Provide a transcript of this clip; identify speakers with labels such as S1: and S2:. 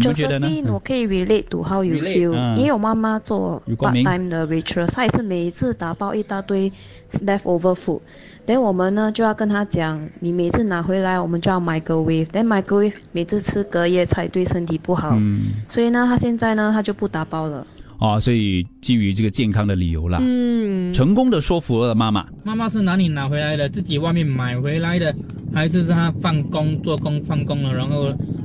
S1: 就 Josephine, 我
S2: 可以 relate to how you feel Relate,、啊。因為我媽媽做 part-time 的 waitress, 她也是每一次打包一大堆 leftover food。等我們呢就要跟她講，你每次拿回來，我們就要 microwave。但 microwave Then, 每次吃隔夜菜對身體不好，嗯、所以呢，她現在呢，她就不打包了、
S1: 哦。所以基於這個健康的理由啦，嗯、成功的說服了媽媽媽媽，是哪裏拿回來的，自己外面買回來的，還是是她放工做工放工了，然後